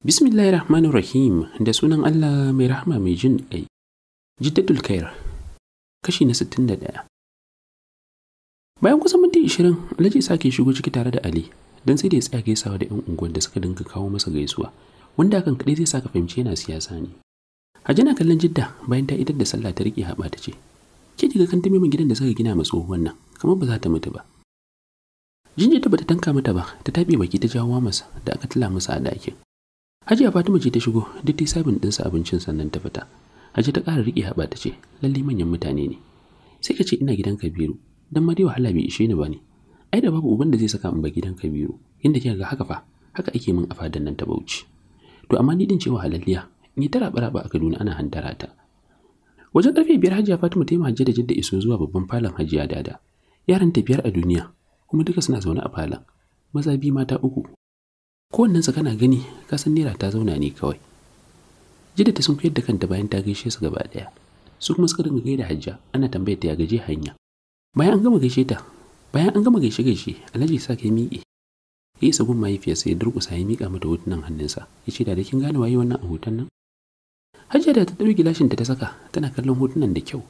Bismillahir Rahmanir Rahim da sunan Allah mai rahama mai jin ƙai. Jiddatul Kair kashi na 61. Bayan kusan minti ishirin, Alhaji ke shigo ciki tare da Ali don sai da ya tsaya gaisawa da 'yan unguwar da suka dinga kawo masa gaisuwa, wanda hakan kaɗai zai saka fahimci yana siyasa ne. na kallon Jidda bayan ta idar da sallah ta riƙe haɓa ta ce, Ke daga kan tamimin gidan da suka gina ma tsohuwan nan, kamar ba za ta mutu ba. ta bata tanka mata ba, ta tabe baki ta jawo masa da aka tila masa a dakin. Hajiya Fatima ce ta shigo, duk ta sabin ɗinsa abincin sannan ta fita. Hajiya ta ƙara riƙe haɓa ta ce, lalle manyan mutane ne. Sai ka ce ina gidan Kabiru, dan ma dai wahala bai ishe ni ba ne. Ai da babu uban da zai saka in ba gidan Kabiru, inda kika ga haka fa, haka ake min a fadan nan ta Bauchi. To amma ni din cewa halalliya, ni ta raba a Kaduna ana hantara ta. wajen karfe biyar hajiya fatima ta yi hajji da jidda iso zuwa babban falon hajiya dada yaran ta biyar a duniya kuma duka suna zaune a falon maza biyu mata uku su kana gani ka san naira ta zauna ne kawai jidda ta sun da kanta bayan ta gaishe su gaba daya su kuma suka dinga gaida Hajiya, ana tambayar ta ya gaje hanya bayan an gama gaishe ta bayan an gama gaishe gaishe alhaji sa yi miƙe ya isa gun mahaifiyarsa ya durƙusa ya miƙa mata hotunan hannunsa ya ce da kin gane waye wannan a hoton nan Hajiya da ta ɗauki gilashinta ta saka tana kallon hotunan da kyau.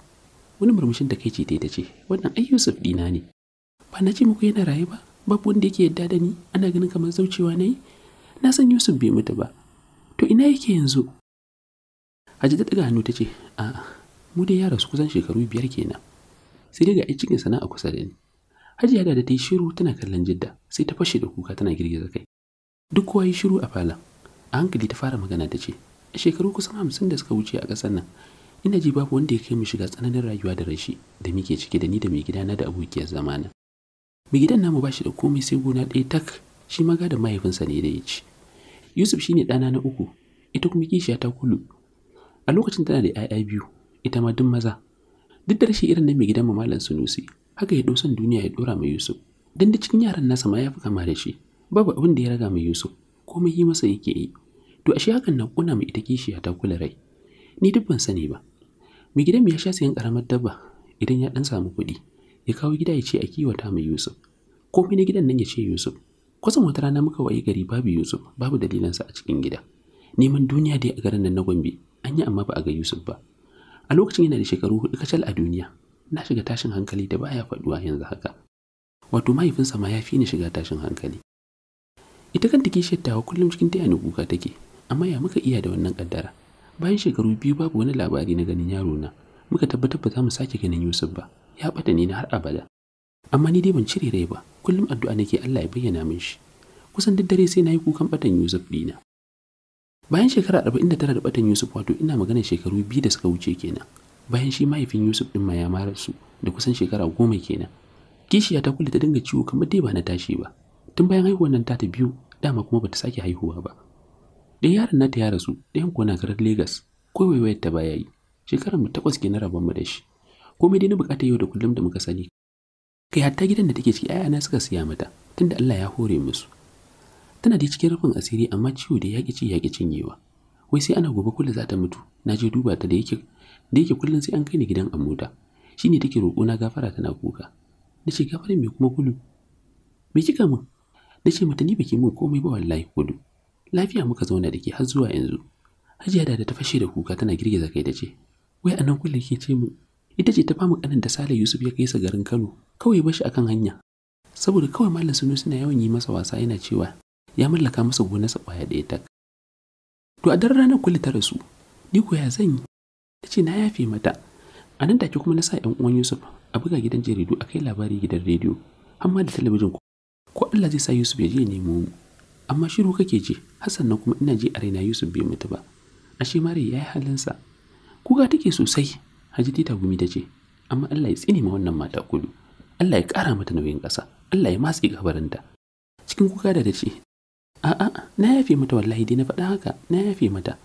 Wani murmushin da kai ce ta ce, wannan ai Yusuf ɗina ne. Ba na ce muku yana raye ba, babu wanda yake yadda da ni, ana ganin kamar zaucewa na yi. Na san Yusuf bai mutu ba. To ina yake yanzu? Hajji ta ɗaga hannu ta ce, a mu dai ya rasu kusan shekaru biyar kenan. Sai dai ga ai cikin sana'a kusa da ni. Hajiya da ta yi shiru tana kallon jidda, sai ta fashe da kuka tana girgiza kai. Duk kowa yi shiru a falon. A hankali ta fara magana ta ce, A shekaru kusan hamsin da suka wuce a ƙasar nan ina ji babu wanda ya kai mu shiga tsananin rayuwa da rashi da muke ciki da ni da mai gidana da abokiyar zamana mai gidan namu ba shi da komai sai gona ɗaya tak shi maga da mahaifinsa ne da ya ci yusuf shine ɗana na uku ita kuma kishiya ta kulu a lokacin tana da 'ya'ya biyu ita ma duk maza duk da rashin irin na mai gidan malam sunusi haka ya dosan duniya ya dora mai yusuf dan da cikin yaran nasa ma ya fi kama da shi babu abin da ya raga mai yusuf komai yi masa yake yi to ashe hakan na kuna mai ita kishiya ta kula rai ni duk ban sani ba mai gidan ya sha sayan karamar dabba idan ya dan samu kuɗi ya kawo gida ya ce a kiwata mai yusuf komai na gidan nan ya ce yusuf kwasan wata rana muka wayi gari babu yusuf babu dalilansa a cikin gida neman duniya dai a garin nan na gombe an yi amma ba a ga yusuf ba a lokacin yana da shekaru hudu kacal a duniya na shiga tashin hankali da baya faduwa yanzu haka wato mahaifinsa ma ya fi ni shiga tashin hankali ita kanta kishiyar tawa kullum cikin taya ni kuka take amma ya muka iya da wannan kaddara bayan shekaru biyu babu wani labari na ganin yaro na muka tabbatar ba za mu sake ganin Yusuf ba ya bata ni na har abada amma ni dai ban cire rai ba kullum addu'a nake Allah ya bayyana min shi kusan duk dare sai nayi kukan batan Yusuf dina bayan shekara 49 da batan Yusuf wato ina magana shekaru biyu da suka wuce kenan bayan shi mahaifin Yusuf din ma ya mara su da kusan shekara goma kenan kishiya ta kulle ta dinga ciwo kamar dai ba na tashi ba tun bayan haihuwar nan ta ta biyu dama kuma bata sake haihuwa ba da yaron ta ya rasu ɗayan kuwa na karar Legas ko waiwayar ta baya yi shekarar mu takwas ke na rabon mu da shi komai dai na bukatar yau da kullum da muka sani kai hatta gidan da take ciki ayana suka siya mata tunda Allah ya hore musu tana da cikin rufin asiri amma ciwo da yaƙi ci yaƙi cinyewa wai sai ana gobe kullum za ta mutu na je duba ta da yake da yake kullum sai an kai ni gidan a mota shine take roƙo na gafara tana kuka na ce gafarin me kuma kulu me kika mun? na ce mata ni baki min komai ba wallahi kudu lafiya muka zauna da ke har zuwa yanzu hajiya da da ta fashe da kuka tana girgiza kai da ce wai a nan kulle ke ce mu ita ce ta famu kanin da Sale Yusuf ya kai sa garin Kano kawai bashi akan hanya saboda kawai Mallam sunu suna yawan yi masa wasa yana cewa ya mallaka masa sa kwaya da tak to a daren ranar kulle ta rasu ni ko ya zan yi ta ce na yafe mata a nan take kuma na sa 'yan uwan Yusuf a buga gidan jaridu a kai labari gidan rediyo amma da talabijin ko Allah zai sa Yusuf ya je nemo mu amma shiru kake ji hassan na kuma ina ji a raina yusuf bai mutu ba ashe mare ya yi halin sa. kuka take sosai haji tita gumi ta ce amma allah ya tsine ma wannan mata kudu allah ya kara mata nauyin ƙasa allah ya matsi kabarinta cikin kuka da dace a'a na yafe mata wallahi dai na faɗa haka na yafe mata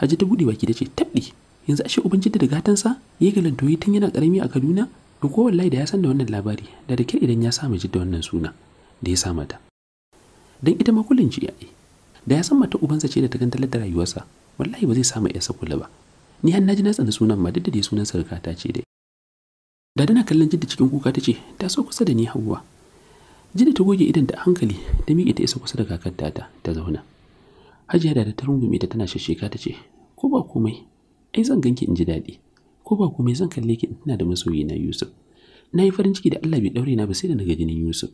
haji ta buɗe baki da ce tabɗi yanzu ashe ubangiji da gatansa ya lantoyi tun yana ƙarami a kaduna da ko wallahi da ya san da wannan labari da da kyar idan ya sa mu jidda wannan suna da ya sa mata don ita ma kullum ci yayi da ya san mata ubansa ce da ta gantalar da rayuwarsa wallahi ba zai samu ya kula ba ni har ji na tsana sunan ma duk da sunan sarka ta ce dai da dana kallon jinta cikin kuka ta ce ta so kusa da ni hawwa jidda ta goge idan da hankali ta miƙe ta isa kusa da kakar ta ta zauna hajiya da ta rungume ta tana shasheka ta ce ko ba komai ai zan ganki in ji daɗi ko ba komai zan kalle ki ina da masoyi na Yusuf na yi farin ciki da Allah bai daure na ba sai da naga jinin Yusuf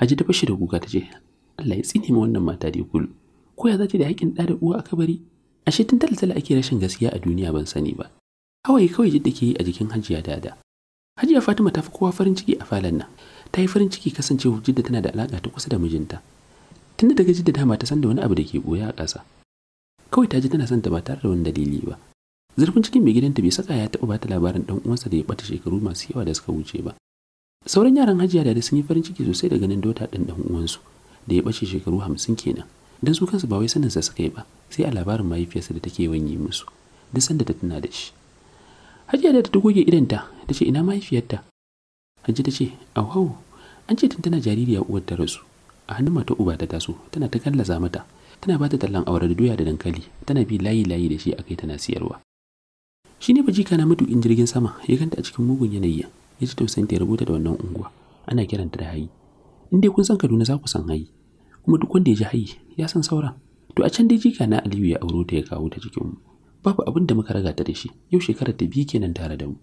Haji ta fashe da kuka ta ce Allah ya tsine ma wannan mata dai kul ko ya zace da haƙin da da uwa a kabari ashe tun talatala ake rashin gaskiya a duniya ban sani ba kawai kawai jidda ke a jikin hajiya dada hajiya fatima ta fi kowa farin ciki a falon nan ta yi farin ciki kasancewa jidda tana da alaƙa ta kusa da mijinta tunda daga jidda dama ta san da wani abu da ke ɓoye a ƙasa kawai ta ji tana son ta ba tare da wani dalili ba zurfin cikin mai gidanta bai saka ya taɓa bata labarin ɗan uwansa da ya ɓata shekaru masu yawa da suka wuce ba sauran yaran hajiya dada sun yi farin ciki sosai da ganin dota ɗin ɗan uwansu da ya ɓace shekaru hamsin kenan don su kansu ba wai saninsa suka yi ba sai a labarin mahaifiyarsa da take yi musu duk sanda ta tuna da shi hajiya da ta goge idanta ta ce ina mahaifiyarta hajji ta ce auhau an ce tun tana jaririya uwar ta rasu a hannun mata uba ta taso tana ta kallaza mata tana ba ta tallan aurar doya da dankali tana bi layi layi da shi a kai tana siyarwa shi ne kana na in jirgin sama ya ganta a cikin mugun yanayi ya ji tausayin ta rubuta da wannan unguwa ana kiranta da hayi in dai kun san Kaduna za ku san hayi kuma duk wanda ya ji hayi ya san saura. to a can dai jika na Aliyu ya aure ta ya kawo ta cikin mu babu abin da muka raga ta da shi yau shekarar ta biyu kenan tare da mu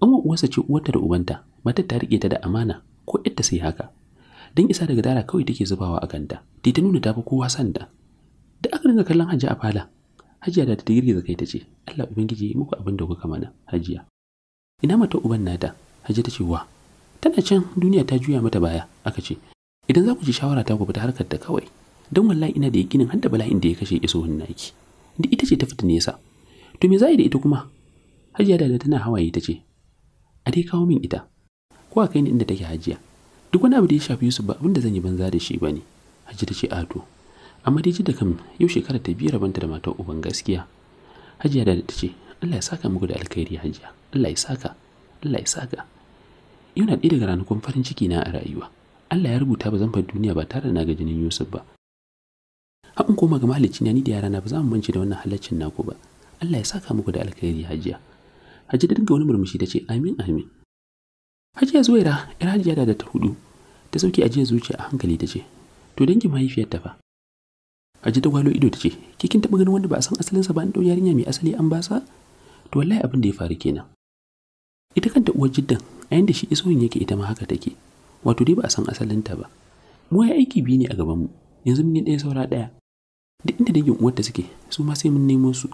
an uwarsa ce uwarta da ubanta matar ta rike ta da amana ko yadda sai haka dan isa daga dara kawai take zubawa a kanta dai ta nuna ta fi kowa sanda da aka dinga kallon hajji a fala hajiya da ta girgiza kai ta ce Allah ubangiji muku abin da kuka mana hajiya ina mata uban nata hajji ta ce wa tana can duniya ta juya mata baya aka ce idan za ku ji shawara ta gobe ta harkar ta kawai don wallahi ina da yakinin da bala'in da ya kashe iso naki duk ita ce ta fita nesa to me za yi da ita kuma hajiya da tana hawaye ta ce a dai kawo min ita ko a kai ni inda take hajiya duk wani abu da ya shafi Yusuf ba abinda zan yi banza da shi ba ne. hajiya ta ce a to amma dai da kam yau shekara ta biyu rabanta da matar uban gaskiya hajiya da ta ce Allah ya saka muku da alkhairi hajiya Allah ya saka Allah ya saka yau na ɗaya daga ranakun farin ciki na a rayuwa Allah ya rubuta ba zan fa duniya ba tare da na ga jinin Yusuf ba haɗin koma ga mahalicci ni da yara na ba za mu mance da wannan halaccin naku ba Allah ya saka muku da alkhairi hajiya hajiya da dinga wani murmushi ta ce amin amin hajiya zuwaira yar hajiya da ta hudu ta sauke ajiyar zuciya a hankali ta ce to dangi mahaifiyar ta fa Hajiya ta gwalo ido ta ce, "Ke kin taɓa ganin wanda ba a san asalinsa ba an ɗau yarinya mai asali an ba sa?" To wallahi abin da ya faru kenan. Ita kanta uwar jiddan a yadda shi isoyin yake ita ma haka take wato dai ba a san asalinta ba mu ya aiki biyu ne a gaban mu yanzu mun yi ɗaya saura ɗaya duk inda dangin uwarta suke su ma sai mun nemo su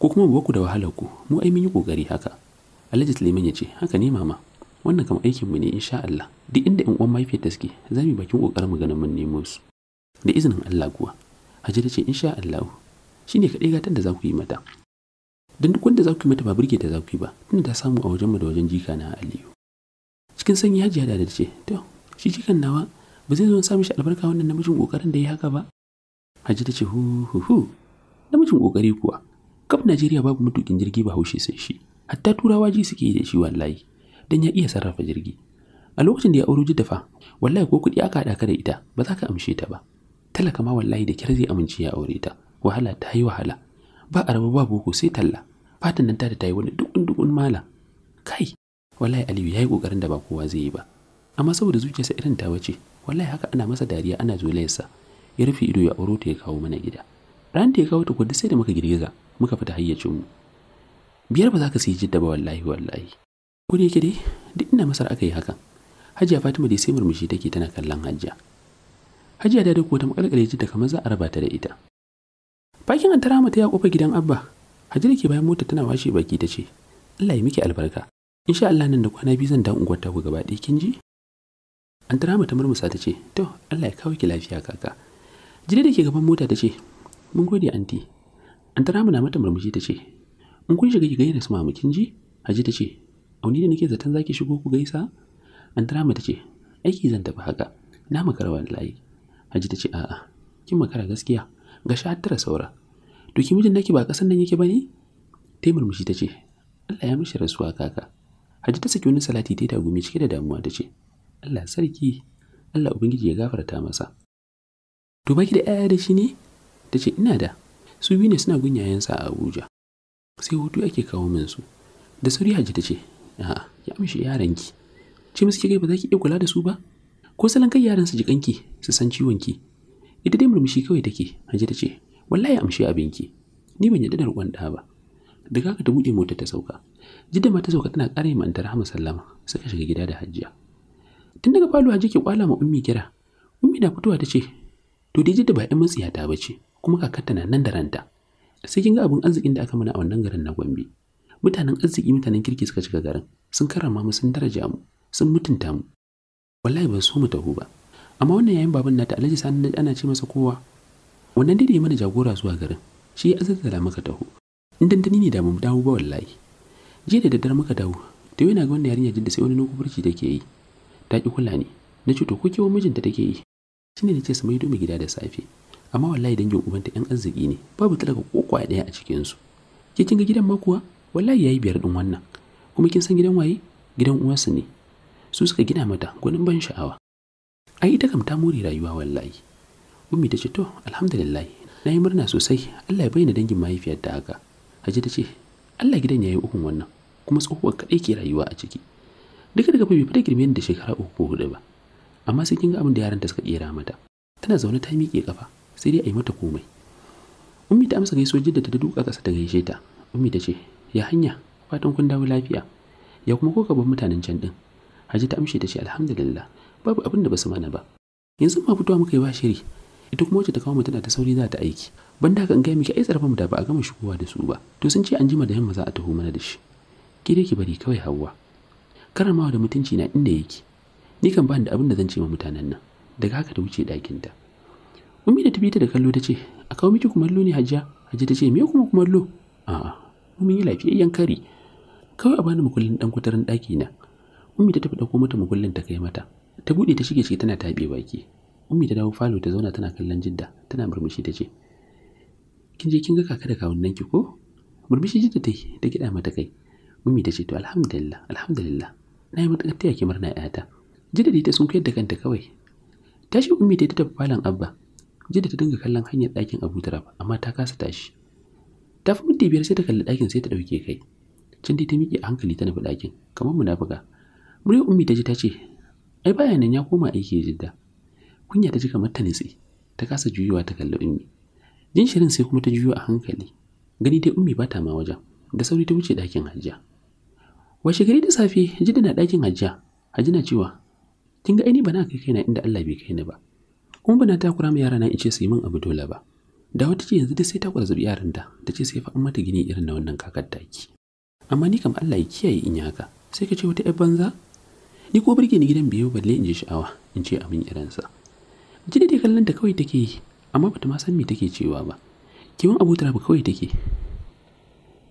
ko kuma ba ku da wahalar ku mu ai mun yi kokari haka Alhaji Suleiman ya ce haka ne mama wannan kam aikin mu ne insha Allah duk inda ƴan uwan mahaifiyarta suke za mu bakin kokarin mu ganin mun nemo su da izinin Allah kuwa ta ce insha Allah shine kadai gatan da za ku yi mata don duk wanda za ku yi mata ba burge ta za ku yi ba tunda ta samu a wajenmu da wajen jika na aliyu cikin sanyi ya jiya da ce to shi jikan nawa ba zai zo sa mishi albarka wannan namijin kokarin da ya haka ba haji ta ce hu hu hu namijin kokari kuwa kaf najeriya babu mutukin jirgi ba haushe sai shi hatta turawa ji suke yi da shi wallahi dan ya iya sarrafa jirgi a lokacin da ya auro fa, wallahi ko kuɗi aka hada ka da ita ba za ka amshe ta ba talaka ma wallahi da kyar zai amince ya aure ta wahala ta yi wahala ba araba ba boko sai talla fatan nan tada ta yi wani dukun dukun mala. kai wallahi aliyu ya yi kokarin da ba kowa zai yi ba amma saboda zuciyarsa irin ta wace wallahi haka ana masa dariya ana zulayarsa ya rufe ido ya auro ta ya kawo mana gida ran da ya kawo ta kudu sai da muka girgiza muka fita hayyacin mu biyar ba za ka sai jidda ba wallahi wallahi ko da yake dai duk ina masar aka yi hakan hajiya fatima dai sai murmushi take tana kallon hajiya hajiya da da kuwa ta makalkale jidda kamar za a raba ta da ita bakin antara mata ya kofa gidan abba Hajira ke bayan mota tana washe baki ta ce, Allah ya miki albarka. sha Allah nan da kwana biyu zan dawo unguwar ta gaba ɗaya kin ji? An tara mata murmusa ta ce, To, Allah ya kawo ki lafiya kaka. Jide da ke gaban mota ta ce, Mun gode anti. An tara na mata murmushi ta ce, In kun shiga ki gaida su mamu kin ji? Haji ta ce, Auni da nake zaton zaki shigo ku gaisa? An tara ta ce, Aiki zan tafi haka. Na makara layi. Haji ta ce, A'a, kin makara gaskiya. Ga sha tara saura. to ki mijin nake ba kasan nan yake bane ta yi murmushi ta ce Allah ya mishi rasuwa kaka Haji ta saki wani salati ta gumi cike da damuwa tace Allah sarki Allah ubangiji ya gafarta masa to baki da 'ya'ya da shi ne ta ina da su biyu ne suna gunyayen sa a Abuja sai hutu ake kawo min su da sauri Haji tace ce a'a ya mishi yaranki ce musu kike ba za ki iya kula da su ba ko salon kai yaran su jikanki su san ciwon ki ita dai murmushi kawai take Haji ta ce wallahi amshi abinki ni ban yadda da ruwan ɗa ba daga kaka ta buɗe mota ta sauka jidda mata ta sauka tana ƙara yi ma'anta rahama sallama suka shiga gida da hajjiya tun daga falo hajji ke kwala ma ummi kira ummi na fitowa ta ce to dai jidda ba 'yan matsiyata ba ce kuma kakarta na nan da ranta sai kin ga abin arzikin da aka mana a wannan garin na gombe mutanen arziki mutanen kirki suka shiga garin sun karrama mu sun daraja mu sun mutunta mu wallahi ban so mu taho ba amma wannan yayin baban nata alhaji sani ana ce masa kowa wannan dai da mana jagora zuwa garin shi ya azazzala maka taho in dandani ne da mu dawo ba wallahi jiya da daddare maka dawo to yana ga wannan yarinya jin da sai wani nukubarci take yi ta ki kula ne na ce to ko kewan mijinta take yi shi ne nace su maido mu gida da safe amma wallahi dangin ubanta yan arziki ne babu talaka ko ɗaya daya a cikin su ke kin ga gidan ma kuwa wallahi yayi biyar din wannan kuma kin san gidan waye gidan uwarsu ne su suka gina mata gwanin ban sha'awa ai ita kam ta more rayuwa wallahi ummi ta ce to alhamdulillah na yi murna sosai Allah ya bayyana dangin mahaifiyar da haka haji ta ce Allah gidan ya yi ukun wannan kuma tsohuwar kaɗai ke rayuwa a ciki duka daga bai fita girme da shekara uku ko hudu ba amma sai kin ga abin da yaran ta suka kera mata tana zaune ta miƙe kafa sai dai a yi mata komai ummi ta amsa gaisuwar jidda ta duka ƙasa ta gaishe ta ummi ta ce ya hanya fatan kun dawo lafiya ya kuma ko gaban mutanen can din haji ta amshe ta ce alhamdulillah babu abin da basu mana ba yanzu ma fitowa muka yi ba shiri ita kuma wacce ta kawo mu tana ta sauri za ta aiki ban da in gaya miki ai mu da ba a gama shigowa da su ba to sun ce an jima da yamma za a taho mana da shi ki dai ki bari kawai hawa karamawa da mutunci na inda yake ni kan ba ni da abin da zan ce ma mutanen nan daga haka ta wuce ɗakinta Ummi da ta ta da kallo ta ce, "A kawo miki kumallo ne hajiya?" Hajiya ta ce, "Me kuma kumallo?" A'a, mun yi lafiyayyen kari. Kawai a bani mukullin dan kutarin ɗaki na. Ummi ta tafi ɗauko mata mukullin ta kai mata. Ta buɗe ta shige ciki tana taɓe baki. ummi ta dawo falo ta zauna tana kallon jidda tana murmushi ta ce kin je kin ga kaka da kawunan ki ko murmushi jidda ta yi ta gida mata kai ummi ta ce to alhamdulillah alhamdulillah na yi matuƙar taya ki murna ƴata jidda dai ta sun kai da kanta kawai tashi ummi ta ta tafi falon abba jidda ta dinga kallon hanyar ɗakin abu turab amma ta kasa tashi ta fi minti biyar sai ta kalli ɗakin sai ta ɗauke kai can dai ta miƙe a hankali ta nufi ɗakin kamar munafuka muryar ummi ta ji ta ce ai baya nan ya koma aiki jidda kunya ta ji kamar ta ta kasa juyuwa ta kalli ummi jin shirin sai kuma ta juyo a hankali gani dai ummi ba ta ma wajen da sauri ta wuce ɗakin hajiya washe gari da safe jidda na ɗakin hajiya Haji na cewa kin ga aini bana kai kaina inda Allah bai kai ni ba kuma na takura ma yara na ice su yi min abu dole ba da wata ce yanzu da sai ta kwarzabi yaran ta ta ce sai fa an mata gini irin na wannan kakar taki amma ni kam Allah ya kiyaye in yi haka sai ka ce wata yar banza ni ko birge ni gidan biyu balle in ji sha'awa in ce amin irinsa jini dai kallon ta kawai take yi amma bata ma san me take cewa ba kiwon abu tara kawai take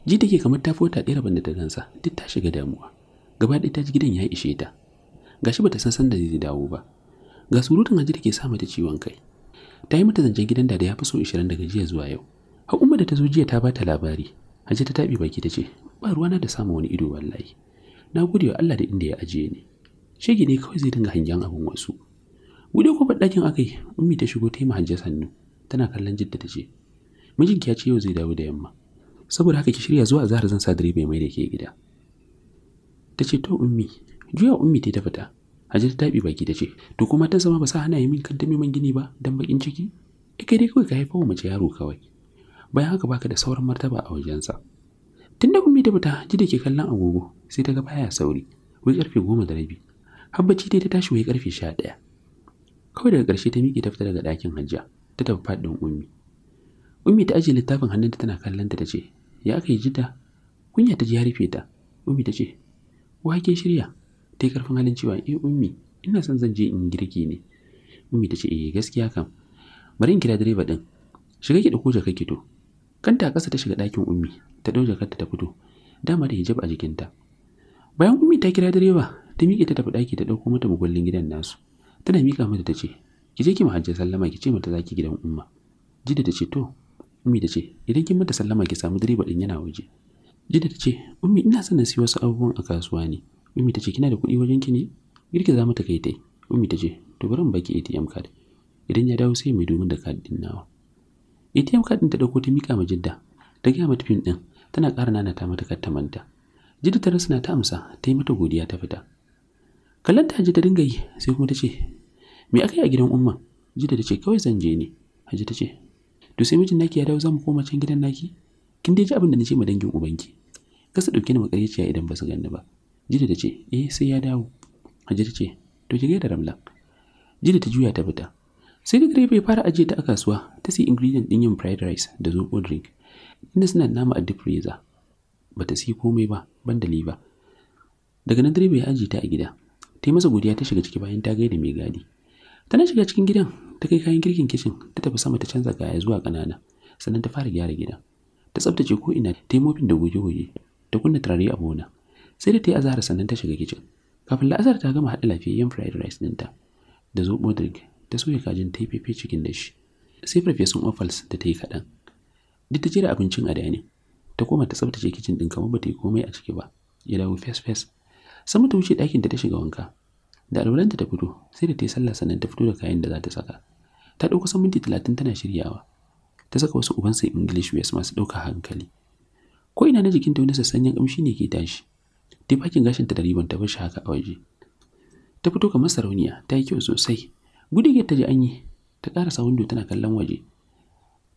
ji take kamar ta fota ɗaya rabin da ta gansa duk ta shiga damuwa gaba ɗaya ta ji gidan ya ishe ta gashi bata san sanda zai dawo ba ga surutun haji take sa mata ciwon kai ta yi mata zancen gidan da ya fi so ishirin daga jiya zuwa yau har da ta zo jiya ta ba ta labari haji ta tabi baki ta ce ba na da samun wani ido wallahi na gode wa Allah da inda ya ajiye ni shege ne kawai zai dinga hangen abin wasu Gude ko ɗakin aka yi, Ummi ta shigo ta yi sannu, tana kallon jidda ta ce, Mijinki ya ce yau zai dawo da yamma, saboda haka ki shirya zuwa zahar zan sa direba mai da ke gida. Ta ce, To, Ummi, juya Ummi ta ta fita, Hajjar ta taɓi baki ta ce, To, kuma ta zama ba sa hana yi min kanta man gini ba don bakin ciki? E kai dai kawai ka haifa wa mace yaro kawai. Bayan haka baka da sauran martaba a wajensa. Tunda Ummi ta fita, ji da ke kallon agogo, sai ta ga baya sauri, wai karfe goma da rabi. Habbaci dai ta tashi wai karfe sha ɗaya. kawai daga ƙarshe ta miƙe ta fita daga ɗakin hajiya ta tafi faɗin ummi ummi ta ajiye littafin hannunta tana kallon ta ce ya aka yi jidda kunya ta ji ya rufe ta ummi ta ce wake shirya ta yi ƙarfin halin cewa eh ummi ina son zan je in girki ne ummi ta ce eh gaskiya kam bari in kira direba din shiga ki ɗauko jaka ki to kanta a ƙasa ta shiga ɗakin ummi ta ɗau jakarta ta fito dama da hijab a jikinta bayan ummi ta kira direba ta miƙe ta tafi ɗaki ta ɗauko mata mugullin gidan nasu tana mika mata ta ce ki je ki mahajjar sallama ki ce mata za ki gidan umma jida ta ce to ummi ta ce idan kin mata sallama ki samu direba din yana waje jida ta ce ummi ina son na siyo wasu abubuwan a kasuwa ne ummi ta ce kina da kuɗi wajen ki ne girki za mata kai tai ummi ta ce to bari mu baki ATM card idan ya dawo sai mai domin da card din nawa ATM card din ta dauko ta mika ma jidda ta gaya mata pin din tana ƙara nana ta mata kattamanta jidda ta rasa na ta amsa ta yi mata godiya ta fita kallon ta Hajji ta dinga yi sai kuma ta ce me aka yi a gidan umma jida ta ce kawai zan je ne Hajji ta ce to sai mijin naki ya dawo zamu koma can gidan naki kin dai ji abin da nace ma dangin ubanki kasa dauke ni makaryaciya idan ba su ganni ba jida ta ce eh sai ya dawo Hajji ta ce to ki da Ramla jida ta juya ta fita sai da direba ya fara ajiye ta a kasuwa ta sai ingredient din yin fried rice da zobo drink inda suna nama a deep freezer ta sai komai ba banda da liver daga nan direba ya ajiye ta a gida ta yi masa godiya ta shiga ciki bayan ta gaida mai gadi tana shiga cikin gidan ta kai kayan girkin kicin ta tafi sama ta canza kaya zuwa kanana sannan ta fara gyara gidan ta tsabtace ko ina ta yi mofin da goge-goge ta kunna turare a gona. sai da ta yi azahar sannan ta shiga kicin kafin la'asar ta gama haɗa lafiyayyen fried rice ɗinta da zoɓo drink ta soya kajin ta yi fefe cikin da shi sai farfesun offals da ta yi kaɗan duk ta jera abincin a dani ta koma ta tsabtace kicin ɗin kamar ba ta yi komai a ciki ba ya dawo fes fes sama ta wuce ɗakin da ta shiga wanka da alwalanta ta fito sai da ta yi sallah sannan ta fito da kayan da za ta saka ta ɗauka kusan minti talatin tana shiryawa ta saka wasu uban sai english wears masu ɗauka hankali ko ina na jikin ta wani sassanyen ƙamshi ne ke tashi ta yi fakin ta da ribon ta bar haka a waje ta fito kamar sarauniya ta yi kyau sosai gudigiyar ta ji an yi ta ƙarasa windo tana kallon waje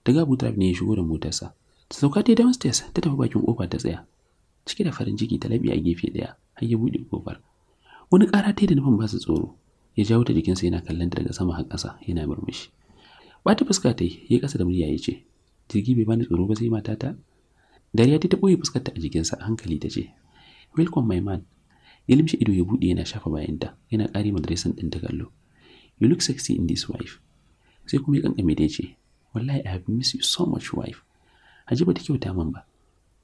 ta ga ne ya shigo da motarsa ta sauka ta yi downstairs ta tafi bakin kofa ta tsaya cike da farin ciki ta labi a gefe daya har ya buɗe kofar wani ƙara ta da nufin ba su tsoro ya jawo ta jikin sa yana kallon ta daga sama har ƙasa yana murmushi bata fuska ta yi ya ƙasa da murya ya ce jirgi bai bani tsoro ba sai matata dariya ta ya fuskarta a jikinsa a hankali ta ce welcome my man ya limshi ido ya buɗe yana shafa bayanta yana ƙari madrasan din ta kallo you look sexy in this wife sai kuma ya kankame da ya ce wallahi i have missed you so much wife hajiba take kyauta man ba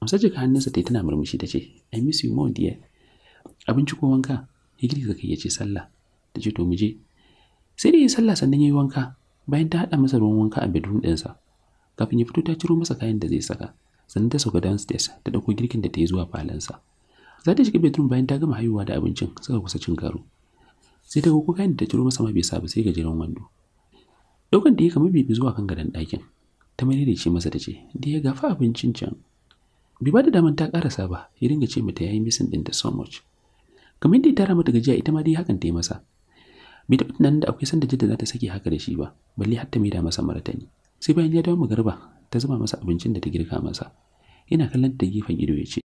amsa jika hannunsa ta yi tana murmushi ta ce i miss you more dear abinci ko wanka ya girgiza kai ya ce sallah ta ce to mu je sai da ya sallah sannan ya yi wanka bayan ta haɗa masa ruwan wanka a bedroom ɗinsa kafin ya fito ta ciro masa kayan da zai saka sannan ta sauka downstairs ta ɗauko girkin da ta yi zuwa falansa za ta shiga bedroom bayan ta gama haihuwa da abincin suka kusa cin karo sai ta ga ko kayan da ta ciro masa ma bai sa ba sai gajeren wando ɗaukan da ya kama bibi zuwa kan gadon ɗakin ta mai da ce masa ta ce da ya gafa abincin can bai ba da daman ta karasa ba ya dinga ce mata yayi misin din ta so much kamar yadda ya tara mata gajiya ita ma dai hakan ta yi masa bai taɓa tunanin da akwai sanda jidda za ta sake haka da shi ba balle har ta da masa maratani sai bayan ya dawo magarba ta zuba masa abincin da ta girka masa yana kallon ta gefen ido ya ce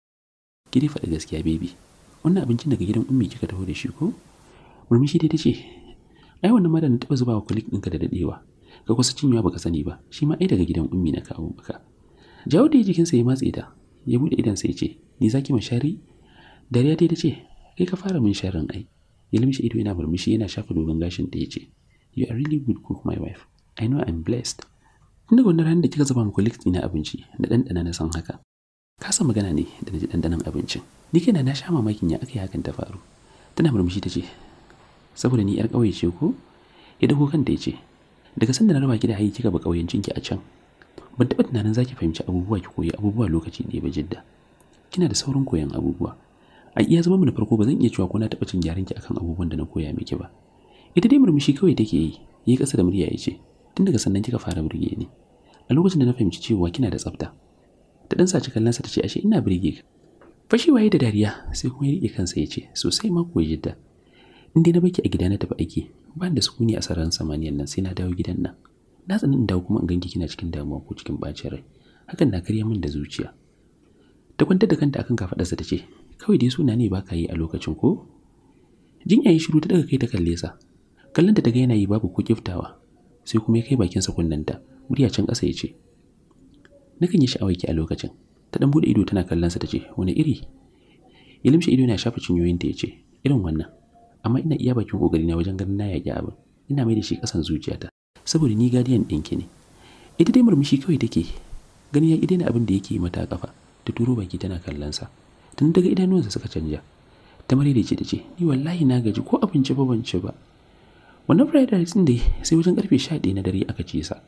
ki dai faɗi gaskiya baby wannan abincin daga gidan ummi kika taho da shi ko murmushi dai ta ce ai wannan madan na taɓa zuba wa kulik ɗinka da daɗewa ka kusa cinyewa baka sani ba shi ma ai daga gidan ummi na kawo maka jawo da jikinsa ya matse ta ya buɗe idan sai ce ni zaki mu shari dariya dai ta ce kai ka fara min sharin ai ya limshi ido yana murmushi yana shafa dogon gashin ta ya ce you are really good cook my wife i know i'm blessed Tunda wannan da kika zuba mu colleagues ina abinci da ɗanɗana na san haka Ka san magana ne da na ji ɗanɗanon abincin ni kaina na sha mamakin ya aka yi hakan ta faru tana murmushi ta ce saboda ni yar kauye ce ko ya dago kanda ya ce daga sanda na raba ki da hayi kika ba ƙauyencin ki a can ban taɓa tunanin za ki fahimci abubuwa ki koyi abubuwa lokaci ɗaya ba jidda kina da saurin koyon abubuwa a iya zama mana farko ba zan iya cewa ko na taɓa cin gyaran ki akan abubuwan da na koya miki ba ita dai murmushi kawai take yi yi ƙasa da murya ya ce tun daga sannan kika fara burge ni a lokacin da na fahimci cewa kina da tsafta ta dan saci kallonsa ta ce ashe ina burge ka waye da dariya sai kuma ya riƙe kansa ya ce sosai ma koyi jidda in dai na baki a gida na tafi aiki ba da sukuni a sararin samaniyan nan sai na dawo gidan nan na tsanin in dawo kuma in ganki kina cikin damuwa ko cikin bacin rai hakan na karya min da zuciya ta kwantar da kanta akan kafadarsa ta ce kawai dai suna ne baka yi a lokacin ko jinya ya shiru ta daga kai ta kalle sa kallon ta daga yana yi babu ko kiftawa sai kuma ya kai bakin sa kunnanta murya can ƙasa ya ce kan yi sha'awar ki a lokacin ta dan bude ido tana kallon sa ta ce wani iri ya limshe ido yana shafa cinyoyinta ya ce irin wannan amma ina iya bakin kokari na wajen ganin na yaki abin ina mai da shi kasan zuciyata saboda ni guardian ɗinki ne ita dai murmushi kawai take gani ya ƙi abin da yake mata kafa ƙafa ta turo baki tana kallon sa tun daga idanuwansa suka canja ta ce ta ce ni wallahi na gaji ko abinci ba ban ci ba wannan friday din dai sai wajen karfe 11 na dare aka ci sa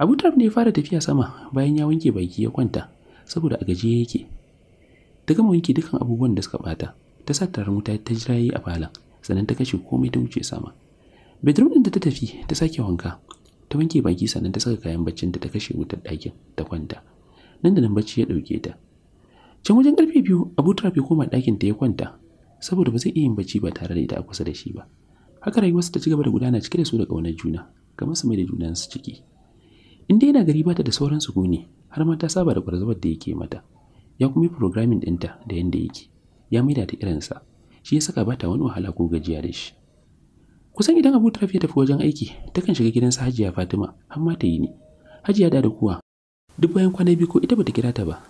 Abu Tarab ne fara tafiya sama bayan ya wanke baki ya kwanta saboda a gajiye yake ta gama wanke dukan abubuwan da suka bata ta sa tarar wuta ta jira a falon sannan ta kashe komai ta wuce sama bedroom din da ta tafi ta sake wanka ta wanke baki sannan ta saka kayan baccin ta kashe wutar ɗakin ta kwanta nan da nan bacci ya ɗauke ta can wajen ƙarfe biyu abu bai koma ɗakin ta ya kwanta saboda ba zai iya yin bacci ba tare da ita a kusa da shi ba haka rayuwarsa ta ci gaba da gudana cike da su da ƙaunar juna kamar su mai da junansu ciki in dai yana gari bata da sauran gune har ma ta saba da kwarzabar da yake mata ya kuma yi programming ɗinta da yanda yake ya maida ta irinsa shi ya saka bata wani wahala ko gajiya da shi kusan idan abu ya tafi wajen aiki takan shiga gidan su hajiya fatima har ma ta yi ni hajiya da da kuwa duk bayan kwana biyu ko ita bata kira ta ba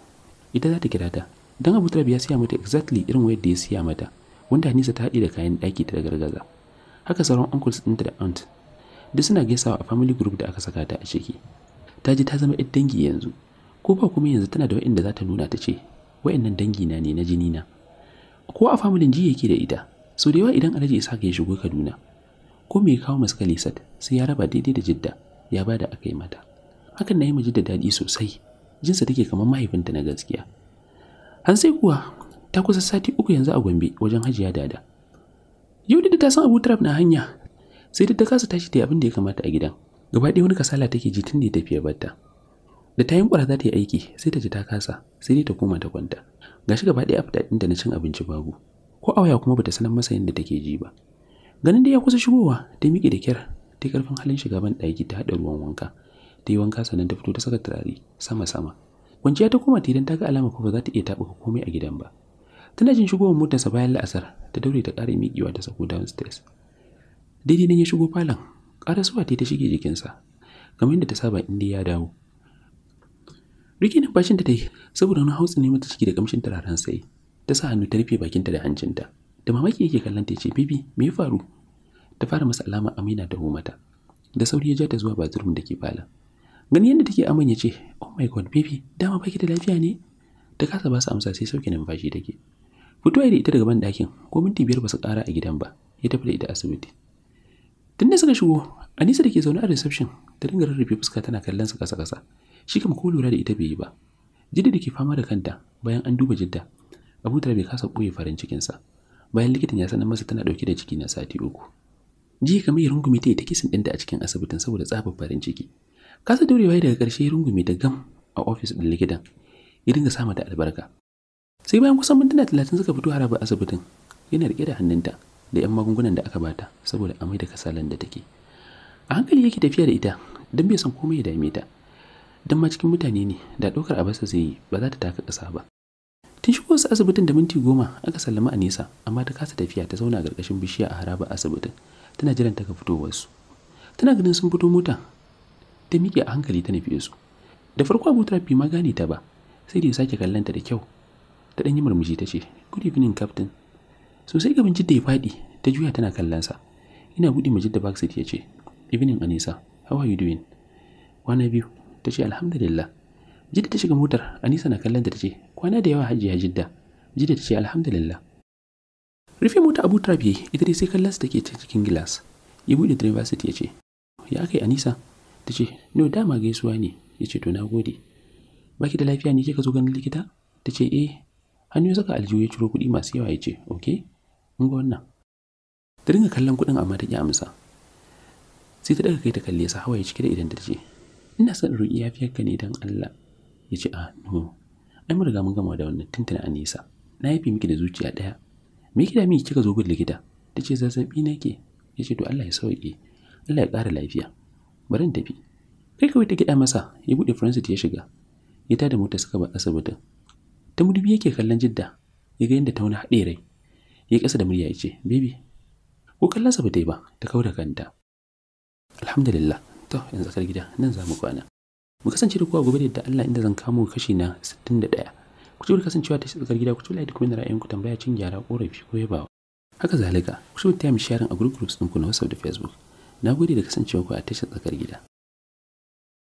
ita za ta kira ta dan abu ya siya mata exactly irin wayar da ya siya mata wanda Hanisa ta haɗe da kayan ɗaki ta gargaza haka sauran uncles ɗinta da aunt duk suna gaisawa a family group da aka saka ta a ciki ta ji ta zama ɗan dangi yanzu ko ba kuma yanzu tana da wa'inda za ta nuna ta ce wa'innan dangi na ne na jini na ko a familin ji yake da ita sau da yawa idan alhaji isa ka ya shigo kaduna ko mai ya kawo masu kalisat sai ya raba daidai da jidda ya ba da aka yi mata hakan na yi majidda daɗi sosai jinsa take kamar mahaifinta na gaskiya An sai kuwa ta kusa sati uku yanzu a gombe wajen hajiya dada yau da ta san abu trap na hanya sai ta kasa tashi ta yi abin da ya kamata a gidan gaba ɗaya wani kasala take ji tun da ya tafiya batta da ta yin za ta yi aiki sai ta ji ta kasa sai dai ta koma ta kwanta gashi gaba ɗaya a fitaɗinta na cin abinci babu ko a waya kuma bata sanar masa yadda take ji ba ganin da ya kusa shigowa ta miƙe da kyar ta karfin halin shiga ban ɗaki ta haɗa ruwan wanka ta yi wanka sannan ta fito ta saka turare sama sama kwanciya ta koma tilin ta ga alama ko ba za ta iya taɓuka komai a gidan ba tana jin shigowar motarsa bayan la'asar ta daure ta ƙara miƙewa ta sako downstairs daidai nan ya shigo falon ƙarasuwa ta ta shige jikinsa kamar yadda ta saba inda ya dawo Rike numfashinta ta yi saboda wani hautsi ne mata ciki da kamshin turaren sai ta sa hannu ta rufe bakinta da hancinta. da mamaki yake kallon ta ce bibi me ya faru ta fara masa alama amina ta mata da sauri ya ja ta zuwa bathroom da ke fala gani yadda take aman ya ce oh my god baby dama baki da lafiya ne ta kasa ba su amsa sai sauke numfashi take fitowa da ita daga ban dakin ko minti biyar ba su ƙara a gidan ba ya tafi da ita asibiti tun da suka shigo anisa da ke zaune a reception ta dinga rarrafe fuska tana kallon su kasa kasa shi kam ko lura da ita bai yi ba jidda da ke fama da kanta bayan an duba jidda abu bai kasa ɓoye farin cikinsa bayan likitan ya sanar masa tana dauke da ciki na sati uku ji kamar ya rungumi ta yi ta kisan ɗinta a cikin asibitin saboda tsabar farin ciki kasa daurewa ya daga ƙarshe ya rungume da gam a ofis ɗin likitan ya dinga sa mata albarka sai bayan kusan mintuna talatin suka fito harabar asibitin yana riƙe da hannunta da 'yan magungunan da aka bata saboda amai da kasalan da take a hankali yake tafiya da ita don bai san komai ya dame ta don ma cikin mutane ne da ɗaukar basa zai yi ba za ta taka ƙasa ba tun shigo wasu asibitin da minti goma aka sallama a nisa amma ta kasa tafiya ta zauna a ƙarƙashin bishiya a haraba asibitin tana jiran ta ga fitowarsu tana ganin sun fito mota ta miƙe a hankali ta nufi su da farko abu turafi ma gane ta ba sai da ya sake kallon ta da kyau ta ɗan yi murmushi ta ce good evening captain sosai gaban jidda ya faɗi ta juya tana kallon sa ina buɗe ma jidda backseat ya ce evening anisa how are you doing kwana biyu ta ce alhamdulillah jidda ta shiga motar anisa na kallon ta ta ce kwana da yawa hajiya jidda jidda ta ce alhamdulillah rufe mota abu trafi ita dai sai kallas take ta cikin gilas ya buɗe driver seat ya ce ya kai anisa ta ce no dama gaisuwa ne ya ce to na gode baki da lafiya ne kika zo ganin likita ta ce eh hannu saka aljihu ya ciro kuɗi masu yawa ya ce ok mun ga wannan ta dinga kallon kuɗin amma ta ƙi amsa sai ta daga kai ta kalle sa ya cike da idan ta ce ina son roƙi ka ne don Allah ya ce a ah, no ai mun riga mun gama da wannan tuntuna a nesa na yafi miki da zuciya daya me kida miki kika zo gud likita tace zazzabi nake yace to Allah ya sauke Allah ya kara lafiya bari in tafi kai kawai ta gida masa ya bude Francis ya shiga ya tada mota suka ba asibiti ta mudubi yake kallon jidda ya ga yadda ta wani haɗe rai ya kasa da murya ya ce baby ko kallon sa ba ta yi ba ta da kanta alhamdulillah to yanzu tsakar gida nan za mu kwana mu kasance da kowa gobe da Allah inda zan kamo kashi na 61 ku ci kasancewa ta tsakar gida ku ci like kuma ra'ayin ku tambaya cin gyara korafi ko yaba haka zalika ku ci taya mu yaran a group groups ɗinku na WhatsApp da Facebook na gode da kasancewa ku a tashar tsakar gida